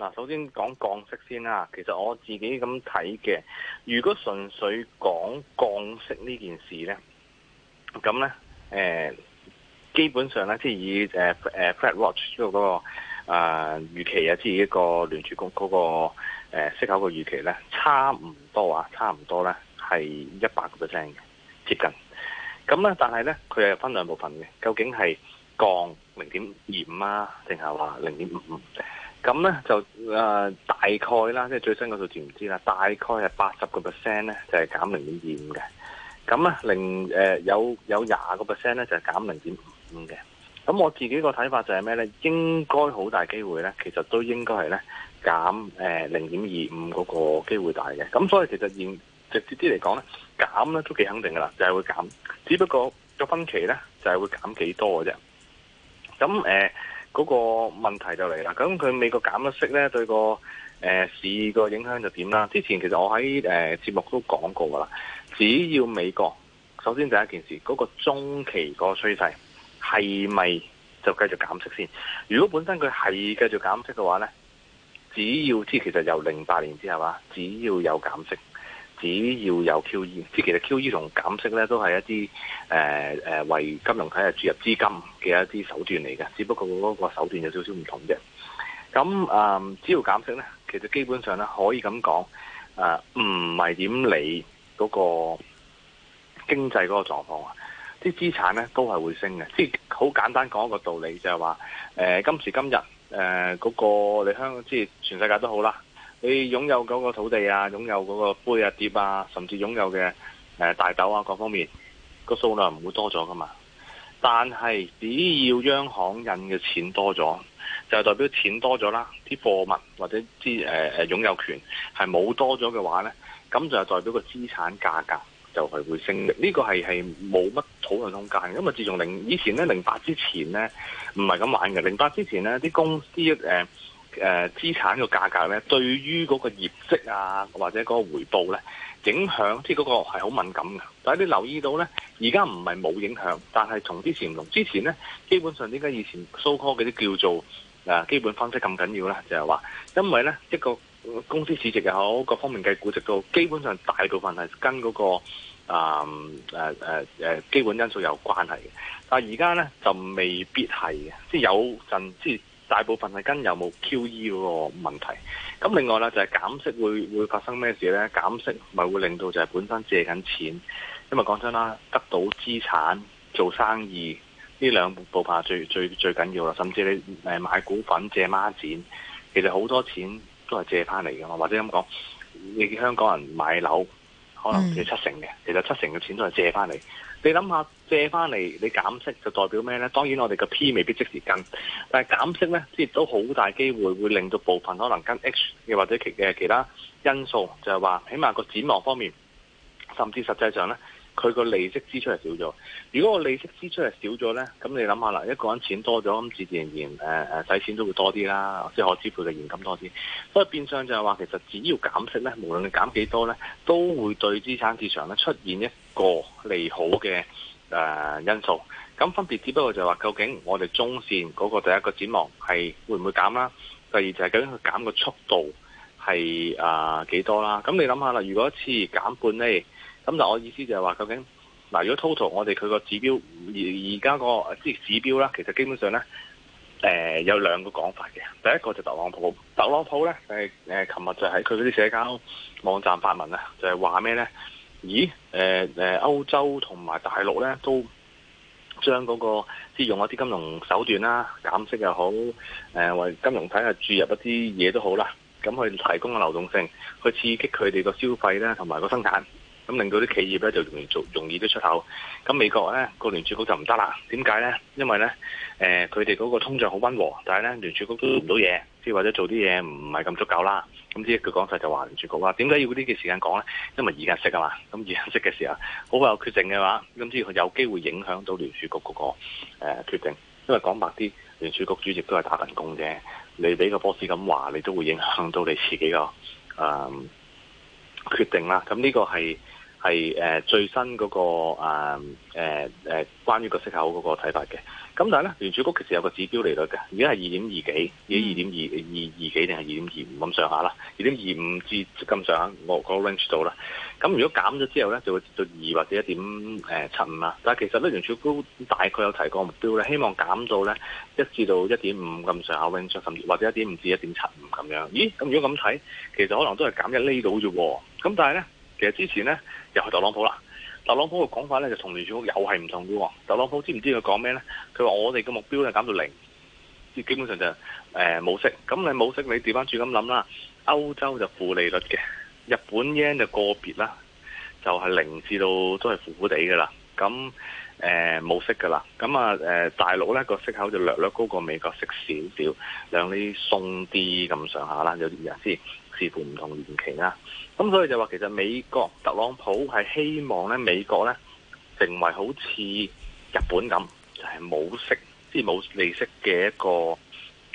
嗱，首先講降息先啦。其實我自己咁睇嘅，如果純粹講降息呢件事咧，咁咧誒，基本上咧即係以誒誒 flat watch 嗰個啊預期啊，即係一、呃那個聯儲局嗰個誒、呃、息口個預期咧，差唔多啊，差唔多咧係一百個 percent 嘅接近。咁咧，但係咧佢又分兩部分嘅，究竟係降零點二五啊，定係話零點五五？咁咧就誒大概啦，即係最新嗰數字唔知啦，大概係八十個 percent 咧，就係減零點二五嘅。咁咧零誒有有廿個 percent 咧，就係減零點五嘅。咁我自己個睇法就係咩咧？應該好大機會咧，其實都應該係咧減誒零點二五嗰個機會大嘅。咁所以其實現直接啲嚟講咧，減咧都幾肯定噶啦，就係會減。只不過個分歧咧就係會減幾多嘅啫。咁誒。呃嗰個問題就嚟啦，咁佢美國減息呢，對個誒市個影響就點啦？之前其實我喺誒節目都講過噶啦，只要美國首先第一件事，嗰個中期個趨勢係咪就繼續減息先？如果本身佢係繼續減息嘅話呢，只要知其實由零八年之後啊，只要有減息。只要有 QE，即係其實 QE 同減息咧都係一啲誒誒為金融體系注入資金嘅一啲手段嚟嘅，只不過嗰個手段有少少唔同啫。咁啊、呃，只要減息咧，其實基本上咧可以咁講啊，唔係點理嗰個經濟嗰個狀況啊，啲資產咧都係會升嘅。即係好簡單講一個道理就係話誒今時今日誒嗰、呃那個你香港，即係全世界都好啦。你擁有嗰個土地啊，擁有嗰個杯啊碟啊，甚至擁有嘅、呃、大豆啊各方面，個數量唔會多咗噶嘛。但係只要央行印嘅錢多咗，就係代表錢多咗啦。啲貨物或者啲誒、呃、擁有權係冇多咗嘅話呢，咁就係代表個資產價格就係會升。呢、呢個係係冇乜討論空間，因咁自從零以前呢，零八之前呢，唔係咁玩嘅。零八之前呢，啲公司誒。呃誒、呃、資產個價格咧，對於嗰個業績啊，或者嗰個回報咧，影響即嗰個係好敏感嘅。但係你留意到咧，而家唔係冇影響，但係同之前唔同之前咧，基本上點解以前 so call 嗰啲叫做誒、呃、基本分析咁緊要咧？就係、是、話，因為咧一個公司市值又好，各方面嘅估值都基本上大部分係跟嗰、那個啊誒誒基本因素有關係嘅。但係而家咧就未必係嘅，即係有陣即係。大部分係跟有冇 QE 嗰個問題，咁另外呢，就係減息會會發生咩事呢？減息咪會令到就係本身借緊錢，因為講真啦，得到資產做生意呢兩部分最最最緊要啦。甚至你誒買股份借孖展，其實好多錢都係借翻嚟㗎嘛。或者咁講，你香港人買樓。嗯、可能要七成嘅，其實七成嘅錢都係借翻嚟。你諗下借翻嚟，你減息就代表咩呢？當然我哋個 P 未必即時跟，但係減息呢，即係都好大機會會令到部分可能跟 H，又或者其其他因素就，就係話起碼個展望方面，甚至實際上呢。佢個利息支出係少咗。如果個利息支出係少咗呢，咁你諗下啦，一個人錢多咗，咁自然然誒誒使錢都會多啲啦，即係可支配嘅現金多啲。所以變相就係話，其實只要減息呢，無論你減幾多呢，都會對資產市場呢出現一個利好嘅誒、呃、因素。咁分別只不過就係話，究竟我哋中線嗰個第一個展望係會唔會減啦？第二就係究竟佢減嘅速度係誒幾多啦？咁你諗下啦，如果一次減半呢。咁我意思就係話，究竟嗱，如果 total 我哋佢個指標而而家個即係指標呢，其實基本上咧，誒、呃、有兩個講法嘅。第一個就特朗普，特朗普咧係誒，琴、呃、日就喺佢嗰啲社交網站發文啊，就係話咩咧？咦誒、呃、歐洲同埋大陸咧都將嗰、那個即係用一啲金融手段啦，減息又好，誒、呃、為金融體系注入一啲嘢都好啦，咁去提供個流動性，去刺激佢哋個消費咧，同埋個生產。咁令到啲企業咧就容易做，容易啲出口，咁美國咧個聯儲局就唔得啦。點解咧？因為咧，誒佢哋嗰個通脹好溫和，但係咧聯儲局都唔到嘢，即係或者做啲嘢唔係咁足夠啦。咁即係佢講晒就話聯儲局啦。點解要呢啲時間講咧？因為而家息啊嘛，咁而家息嘅時候好，好有決定嘅話，咁即係佢有機會影響到聯儲局嗰個誒、呃、決定。因為講白啲，聯儲局主席都係打份工啫，你俾個波士咁話，你都會影響到你自己個誒、呃、決定啦。咁呢個係。係誒最新嗰、那個啊誒誒關於個息口嗰個睇法嘅，咁但係咧，聯儲局其實有個指標利率嘅，而家係二點二幾，二點二點二二幾定係二點二五咁上下啦，二點二五至咁上下，我、那個 range 到啦。咁如果減咗之後咧，就會跌到二或者一點誒七五啦。但係其實咧，聯儲局大概有提過目標咧，希望減到咧一至到一點五咁上下 range，甚至或者一點五至一點七五咁樣。咦？咁如果咁睇，其實可能都係減一釐到啫喎。咁、啊、但係咧，其實之前咧。又去特朗普啦！特朗普嘅講法咧就同聯儲局又係唔同嘅喎。特朗普知唔知佢講咩咧？佢話我哋嘅目標咧減到零，即係基本上就誒、是、冇、呃、息。咁你冇息，你調翻轉咁諗啦。歐洲就負利率嘅，日本 yen 就個別啦，就係零至到都係負負地㗎啦。咁誒冇息㗎啦。咁啊、呃、大陸咧個息口就略略高過美國息少少，兩啲鬆啲咁上下啦，有啲人先。似乎唔同年期啦，咁所以就話其實美國特朗普係希望咧，美國咧成為好似日本咁，就係、是、冇息，即係冇利息嘅一個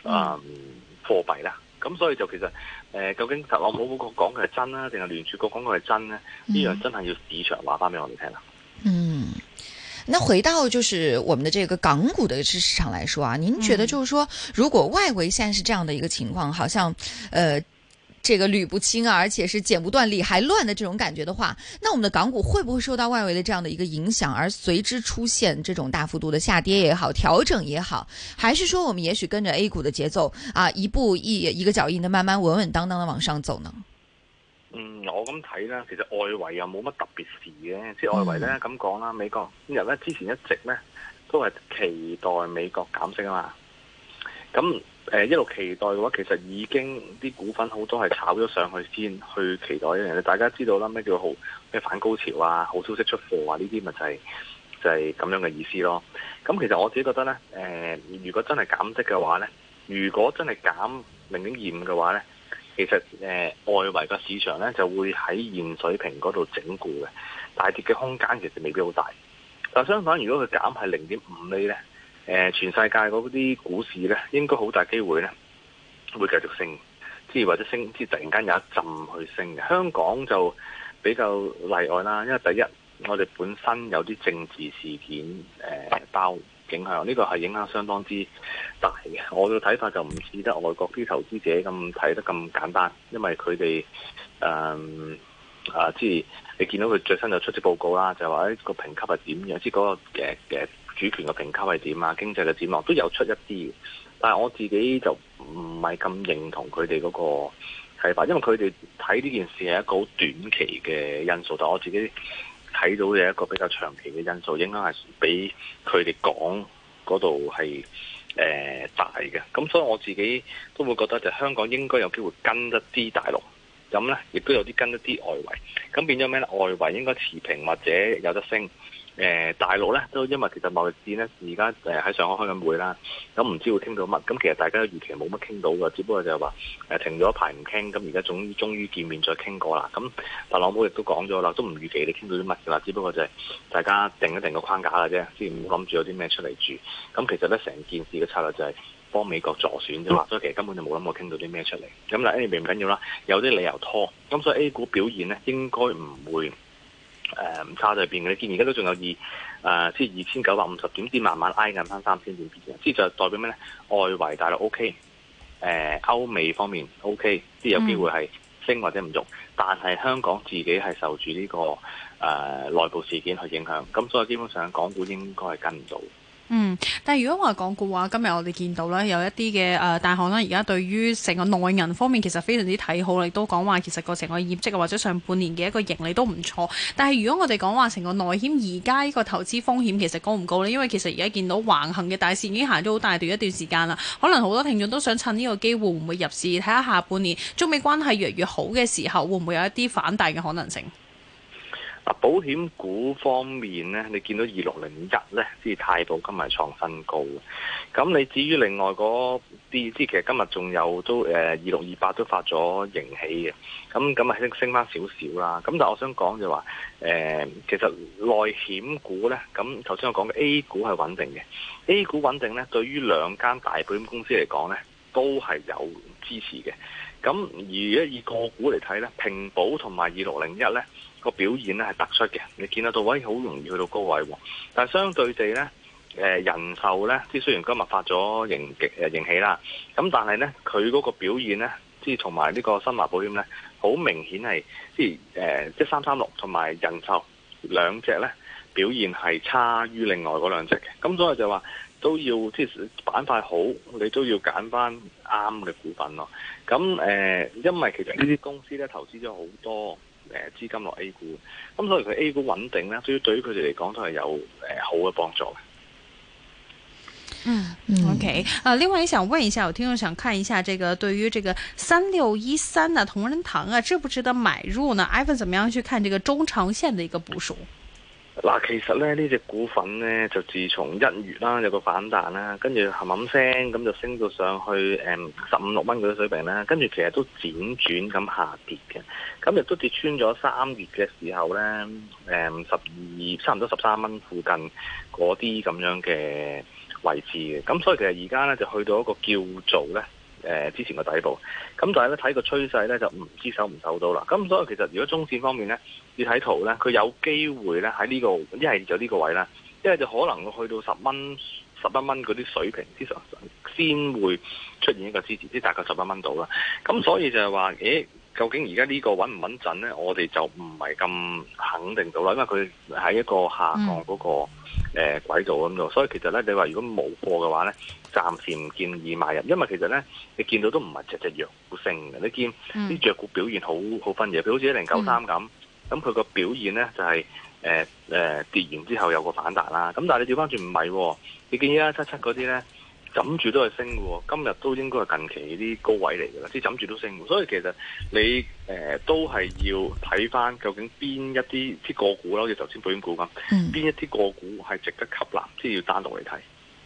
啊、嗯嗯、貨幣啦。咁所以就其實誒、呃，究竟特朗普個講嘅係真啊，定係聯儲局講嘅係真咧？呢樣真係要市場話翻俾我哋聽啦。嗯，那回到就是我們的這個港股的市場來說啊，您覺得就是說，如果外圍現在是這樣的一個情況，好像誒。呃這個捋不清啊，而且是剪不斷，理還亂的這種感覺的話，那我們的港股會不會受到外圍的這樣的一個影響，而隨之出現這種大幅度的下跌也好、調整也好，還是說我們也許跟着 A 股的節奏啊，一步一一個腳印的慢慢穩穩當當的往上走呢？嗯，我咁睇呢，其實外圍又冇乜特別事嘅，即係外圍呢咁講啦，美國人呢之前一直呢都係期待美國減息啊嘛。咁、呃、一路期待嘅話，其實已經啲股份好多係炒咗上去先去期待一樣嘢。大家知道啦，咩叫好咩反高潮啊，好消息出貨啊，呢啲咪就係就係咁樣嘅意思咯。咁其實我自己覺得呢，呃、如果真係減息嘅話呢，如果真係減零點二五嘅話呢，其實誒、呃、外圍個市場呢就會喺現水平嗰度整固嘅，大跌嘅空間其實未必好大。但相反，如果佢減係零點五厘呢。誒、呃，全世界嗰啲股市呢，應該好大機會呢，會繼續升，即係或者升，即突然間有一陣去升嘅。香港就比較例外啦，因為第一，我哋本身有啲政治事件誒、呃、包影響，呢、這個係影響相當之大嘅。我嘅睇法就唔似得外國啲投資者咁睇得咁簡單，因為佢哋誒啊，即係你見到佢最新就出咗報告啦，就話呢個評級係點樣？即嗰、那個嘅嘅。主權嘅評級係點啊？經濟嘅展望都有出一啲，但係我自己就唔係咁認同佢哋嗰個睇法，因為佢哋睇呢件事係一個好短期嘅因素，但我自己睇到嘅一個比較長期嘅因素，應該係比佢哋講嗰度係誒大嘅。咁所以我自己都會覺得就香港應該有機會跟一啲大陸，咁呢亦都有啲跟一啲外圍，咁變咗咩呢？外圍應該持平或者有得升。呃、大陸咧都因為其實貿易戰呢，而家誒喺上海開緊會啦，咁、嗯、唔知會傾到乜？咁、嗯、其實大家都預期冇乜傾到㗎，只不過就係話、呃、停咗一排唔傾，咁而家總終於見面再傾過啦。咁、嗯、特朗普亦都講咗啦，都唔預期你傾到啲乜嘅啦，只不過就係大家定一定個框架嘅啫，先唔好諗住有啲咩出嚟住。咁、嗯、其實咧成件事嘅策略就係幫美國助選啫嘛、嗯，所以其實根本就冇諗過傾到啲咩出嚟。咁、嗯、嗱 A 股唔緊要啦，有啲理由拖。咁、嗯、所以 A 股表現呢應該唔會。誒，唔差就變嘅，你見而家都仲有二誒，即係二千九百五十點，先慢慢挨近返三千點邊嘅，即係就代表咩咧？外圍大陸 OK，誒，歐美方面 OK，即係有機會係升或者唔郁，嗯、但係香港自己係受住呢、這個誒內、呃、部事件去影響，咁所以基本上港股應該係跟唔到。嗯，但係如果我哋講嘅話，今日我哋見到呢，有一啲嘅誒，大行啦。而家對於成個內銀方面其實非常之睇好，亦都講話其實個成個業績或者上半年嘅一個盈利都唔錯。但係如果我哋講話成個內險而家呢個投資風險其實高唔高呢？因為其實而家見到橫行嘅大線，已經行咗好大段一段時間啦，可能好多聽眾都想趁呢個機會，會唔會入市，睇下下半年中美關係越嚟越好嘅時候會唔會有一啲反彈嘅可能性？保險股方面呢，你見到二六零一呢，即係太保今日創新高。咁你至於另外嗰啲，即係其實今日仲有都誒二六二八都發咗盈喜嘅。咁咁啊升升翻少少啦。咁但我想講就話、呃、其實內險股呢，咁頭先我講嘅 A 股係穩定嘅，A 股穩定呢，對於兩間大保險公司嚟講呢，都係有支持嘅。咁而家以個股嚟睇呢，平保同埋二六零一呢。個表現咧，係突出嘅，你見得到位好容易去到高位喎。但係相對地咧，誒人壽咧，即係雖然今日發咗盈喜誒盈喜啦，咁但係咧佢嗰個表現咧，即係同埋呢個新華保險咧，好明顯係即係誒，即係三三六同埋人壽兩隻咧，表現係差於另外嗰兩隻嘅。咁所以就話都要即係板塊好，你都要揀翻啱嘅股份咯。咁誒、呃，因為其實呢啲公司咧，投資咗好多。誒，資金落 A 股，咁所以佢 A 股穩定呢，所以對於佢哋嚟講都係有誒、呃、好嘅幫助嘅。嗯，OK，啊、呃，另外也想問一下，有聽眾想看一下，這個對於這個三六一三啊，同仁堂啊，值不值得買入呢？Ivan 怎麼樣去看這個中長線的一個部署？嗯嗱，其實咧呢隻股份咧就自從一月啦，有個反彈啦，跟住冚冚聲咁就升到上去誒十五六蚊嗰啲水平啦，跟住其實都輾轉咁下跌嘅，咁、嗯、亦都跌穿咗三月嘅時候咧誒十二差唔多十三蚊附近嗰啲咁樣嘅位置嘅，咁、嗯、所以其實而家咧就去到一個叫做咧。誒之前個底部，咁但係咧睇個趨勢咧就唔知守唔守到啦。咁所以其實如果中線方面咧，要睇圖咧，佢有機會咧喺呢個一係就呢個位啦，一係就可能去到十蚊十一蚊嗰啲水平之上，先會出現一個支持，即係大概十一蚊到啦。咁所以就係話，誒究竟而家呢個穩唔穩陣咧？我哋就唔係咁肯定到啦，因為佢喺一個下降嗰個。誒鬼做咁做，所以其實咧，你話如果冇貨嘅話咧，暫時唔建議買入，因為其實咧，你見到都唔係隻隻藥股升嘅，你見啲藥股表現好好分野，比如好似一零九三咁，咁佢個表現咧就係誒誒跌完之後有個反彈啦，咁但係你調翻轉唔係，你見一七七嗰啲咧。枕住都係升嘅，今日都應該係近期啲高位嚟嘅啦，即係枕住都升，所以其實你誒、呃、都係要睇翻究竟邊一啲啲個股啦，好似頭先保險股咁，邊、嗯、一啲個股係值得吸納，即係要單獨嚟睇。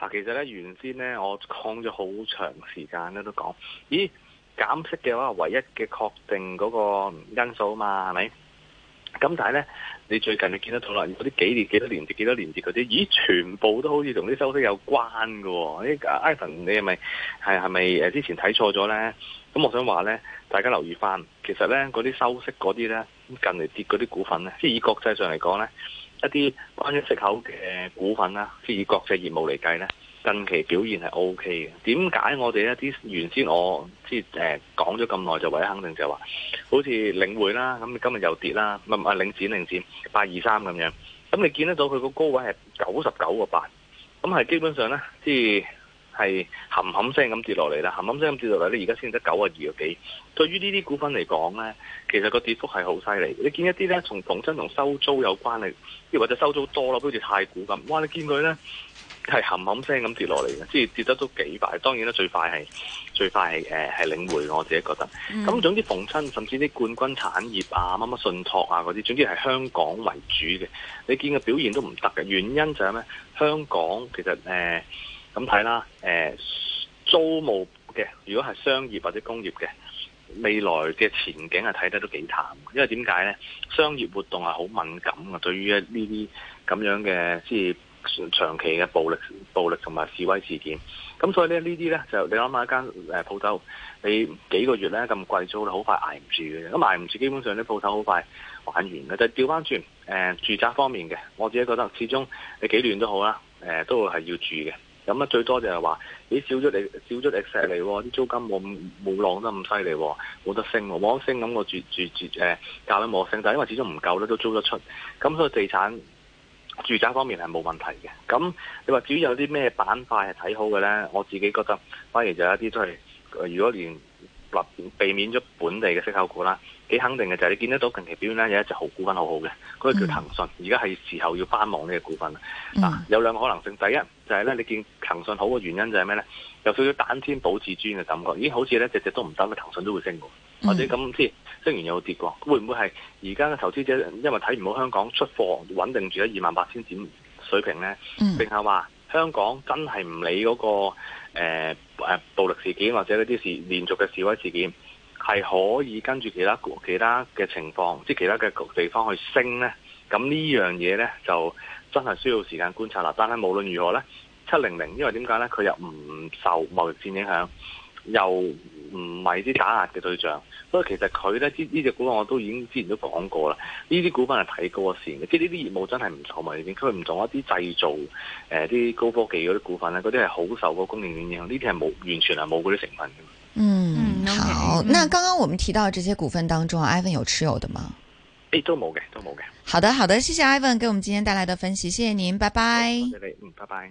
嗱、啊，其實咧原先咧，我抗咗好長時間咧都講，咦減息嘅話，唯一嘅確定嗰個因素啊嘛，係咪？咁但係咧，你最近你見得到啦，嗰啲幾年幾多年，幾多年跌幾多年跌嗰啲，咦全部都好似同啲收息有關㗎喎、啊？呢、啊、阿 Ivan，你係咪係係咪之前睇錯咗咧？咁我想話咧，大家留意翻，其實咧嗰啲收息嗰啲咧，近嚟跌嗰啲股份咧，即係以國際上嚟講咧。一啲關於息口嘅股份啦，即以國際業務嚟計咧，近期表現係 OK 嘅。點解我哋一啲原先我即係誒講咗咁耐就為肯定就話，好似領匯啦，咁你今日又跌啦，唔係領展，領展八二三咁樣，咁你見得到佢個高位係九十九個八，咁係基本上咧，即係。係冚冚聲咁跌落嚟啦，冚冚聲咁跌落嚟咧，而家先得九啊二個幾。對於呢啲股份嚟講咧，其實個跌幅係好犀利。你見一啲咧，從逢親同收租有關嘅，亦或者收租多咯，好似太古咁。哇！你見佢咧係冚冚聲咁跌落嚟嘅，即係跌得都幾快。當然啦，最快係最快係誒係領匯我自己覺得。咁、嗯、總之逢親，甚至啲冠君產業啊、乜乜信託啊嗰啲，總之係香港為主嘅。你見個表現都唔得嘅，原因就係咩？香港其實誒。呃咁睇啦，誒租務嘅，如果係商業或者工業嘅，未來嘅前景係睇得都幾淡，因為點解呢？商業活動係好敏感呀，對於呢啲咁樣嘅即係長期嘅暴力、暴力同埋示威事件。咁所以呢呢啲呢，就你諗下一間誒鋪頭，你幾個月呢咁貴租好快捱唔住嘅。咁捱唔住，基本上啲鋪頭好快玩完嘅。就調翻轉，誒住宅方面嘅，我自己覺得始終你幾亂都好啦，誒、呃、都係要住嘅。咁咧最多就係話，你少咗你少咗利息嚟喎，啲租金冇冇浪得咁犀利喎，冇得升喎，得升咁我住住住誒價都冇升，就因為始終唔夠咧都租得出，咁所以地產住宅方面係冇問題嘅。咁你話至於有啲咩板塊係睇好嘅咧，我自己覺得反而就有一啲都係，如果連避免避免咗本地嘅息口股啦，幾肯定嘅就係、是、你見得到近期表現咧有一隻好股份好好嘅，嗰、嗯、個叫騰訊，而家係時候要翻望呢個股份啦、嗯啊。有兩個可能性，第一。就係咧，你見騰訊好嘅原因就係咩咧？有少少單天保至尊嘅感覺，咦？好似咧隻隻都唔得，騰訊都會升喎。或者咁先，升完又跌過，會唔會係而家嘅投資者因為睇唔到香港出貨穩定住咗二萬八千點水平咧？定係話香港真係唔理嗰個、呃、暴力事件或者呢啲事連續嘅示威事件，係可以跟住其他其他嘅情況，即其他嘅地方去升咧？咁呢樣嘢咧就～真係需要時間觀察啦，但係無論如何咧，七零零，因為點解咧？佢又唔受貿易戰影響，又唔係啲打壓嘅對象。不過其實佢咧，呢呢隻股份我都已經之前都講過啦。呢啲股份係睇高個線嘅，即係呢啲業務真係唔受貿易戰，佢唔同一啲製造誒、啲、呃、高科技嗰啲股份咧，嗰啲係好受個供應鏈影響。呢啲係冇完全係冇嗰啲成分嘅。嗯，好。嗯、那剛剛我們提到這些股份當中 Ivan 有持有的嗎？誒，都冇嘅，都冇嘅。好的，好的，謝謝 Ivan 給我們今天帶來的分析，謝謝您，拜拜。謝謝你，嗯，拜拜。